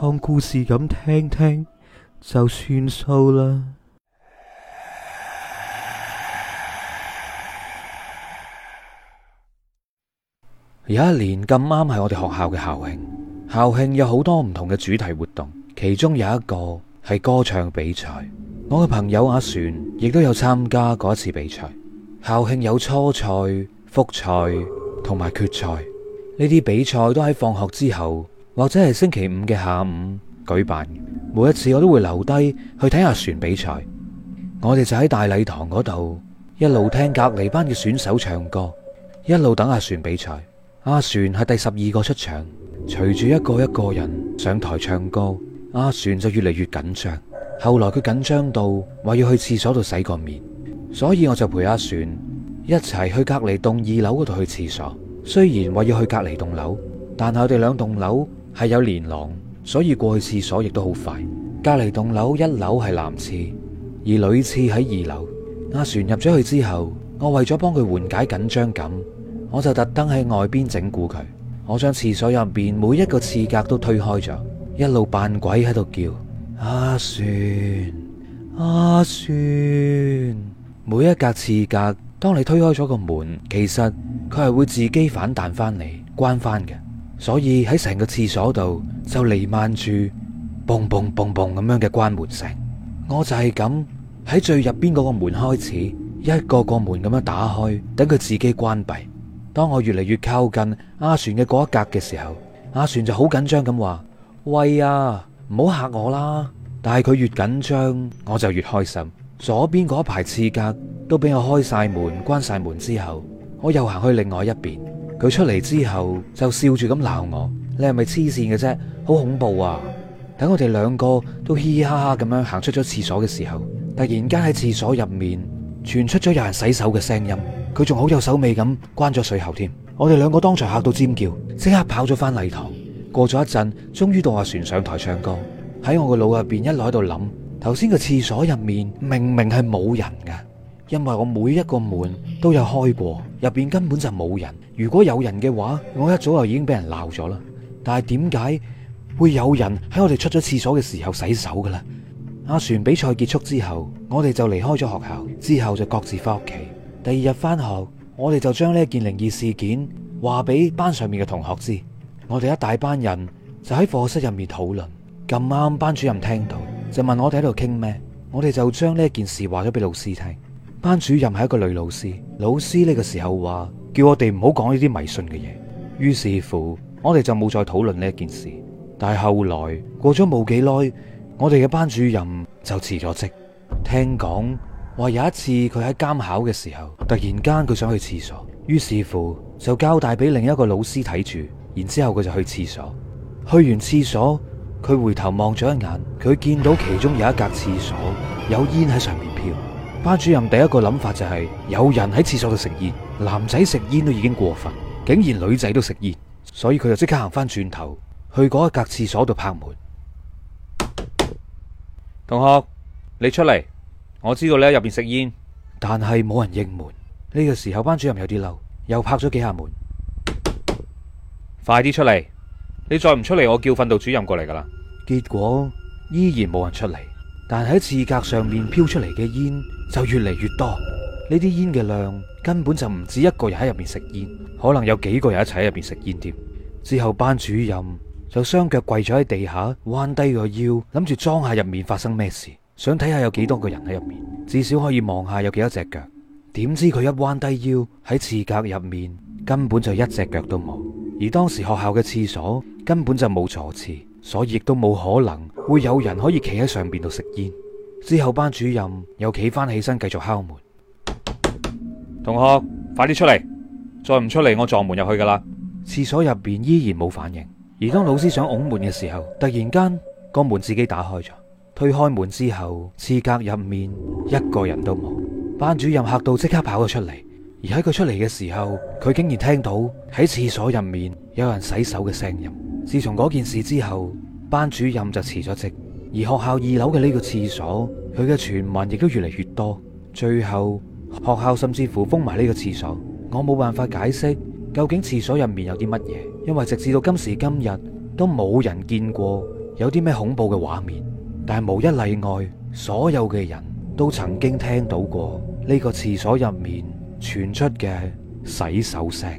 當故事咁聽聽就算數啦。有一年咁啱係我哋學校嘅校慶，校慶有好多唔同嘅主題活動，其中有一個係歌唱比賽。我嘅朋友阿璇亦都有參加過一次比賽。校慶有初賽、複賽同埋決賽，呢啲比賽都喺放學之後。或者係星期五嘅下午舉辦，每一次我都會留低去睇下船比賽。我哋就喺大禮堂嗰度，一路聽隔離班嘅選手唱歌，一路等阿船比賽。阿船係第十二個出場，隨住一個一個人上台唱歌，阿船就越嚟越緊張。後來佢緊張到話要去廁所度洗個面，所以我就陪阿船一齊去隔離棟二樓嗰度去廁所。雖然話要去隔離棟樓，但係我哋兩棟樓。係有連廊，所以過去廁所亦都好快。隔籬棟樓一樓係男廁，而女廁喺二樓。阿璇入咗去之後，我為咗幫佢緩解緊張感，我就特登喺外邊整蠱佢。我將廁所入邊每一個廁格都推開咗，一路扮鬼喺度叫阿璇、阿璇、啊。啊、每一格廁格，當你推開咗個門，其實佢係會自己反彈翻嚟關翻嘅。所以喺成個廁所度就彌漫住嘣嘣嘣嘣咁樣嘅關門聲。我就係咁喺最入邊嗰個門開始，一個個門咁樣打開，等佢自己關閉。當我越嚟越靠近阿璇嘅嗰一格嘅時候，阿璇就好緊張咁話：喂啊，唔好吓我啦！但係佢越緊張，我就越開心。左邊嗰排廁格都俾我開晒門、關晒門之後，我又行去另外一邊。佢出嚟之後就笑住咁鬧我，你係咪黐線嘅啫？好恐怖啊！等我哋兩個都嘻嘻哈哈咁樣行出咗廁所嘅時候，突然間喺廁所入面傳出咗有人洗手嘅聲音，佢仲好有手尾咁關咗水喉添。我哋兩個當場嚇到尖叫，即刻跑咗返禮堂。過咗一陣，終於到阿船上台唱歌。喺我個腦入邊一路喺度諗，頭先個廁所入面明明係冇人㗎，因為我每一個門都有開過。入邊根本就冇人，如果有人嘅話，我一早就已經俾人鬧咗啦。但係點解會有人喺我哋出咗廁所嘅時候洗手嘅咧？阿璇比賽結束之後，我哋就離開咗學校，之後就各自翻屋企。第二日翻學，我哋就將呢件靈異事件話俾班上面嘅同學知。我哋一大班人就喺課室入面討論，咁啱班主任聽到就問我哋喺度傾咩，我哋就將呢件事話咗俾老師聽。班主任係一個女老師，老師呢個時候話叫我哋唔好講呢啲迷信嘅嘢，於是乎我哋就冇再討論呢一件事。但係後來過咗冇幾耐，我哋嘅班主任就辭咗職。聽講話有一次佢喺監考嘅時候，突然間佢想去廁所，於是乎就交代俾另一個老師睇住，然之後佢就去廁所。去完廁所，佢回頭望咗一眼，佢見到其中有一格廁所有煙喺上面飄。班主任第一個諗法就係有人喺廁所度食煙，男仔食煙都已經過分，竟然女仔都食煙，所以佢就即刻行翻轉頭去嗰一格廁所度拍門。同學，你出嚟！我知道你喺入邊食煙，但係冇人應門。呢個時候班主任有啲嬲，又拍咗幾下門。快啲出嚟！你再唔出嚟，我叫訓導主任過嚟噶啦。結果依然冇人出嚟。但喺廁格上面飄出嚟嘅煙就越嚟越多，呢啲煙嘅量根本就唔止一個人喺入面食煙，可能有幾個人一齊喺入面食煙添。之後班主任就雙腳跪咗喺地下，彎低個腰，諗住裝下入面發生咩事，想睇下有幾多個人喺入面，至少可以望下有幾多隻腳。點知佢一彎低腰，喺廁格入面根本就一隻腳都冇。而當時學校嘅廁所根本就冇坐廁。所以亦都冇可能會有人可以企喺上邊度食煙。之後班主任又企翻起身繼續敲門。同學，快啲出嚟！再唔出嚟，我撞門入去噶啦！廁所入邊依然冇反應。而當老師想拱門嘅時候，突然間個門自己打開咗。推開門之後，廁格入面一個人都冇。班主任嚇到即刻跑咗出嚟。而喺佢出嚟嘅時候，佢竟然聽到喺廁所入面有人洗手嘅聲音。自從嗰件事之後，班主任就辭咗職，而學校二樓嘅呢個廁所，佢嘅傳聞亦都越嚟越多，最後學校甚至乎封埋呢個廁所。我冇辦法解釋究竟廁所入面有啲乜嘢，因為直至到今時今日都冇人見過有啲咩恐怖嘅畫面，但係無一例外，所有嘅人都曾經聽到過呢個廁所入面傳出嘅洗手聲。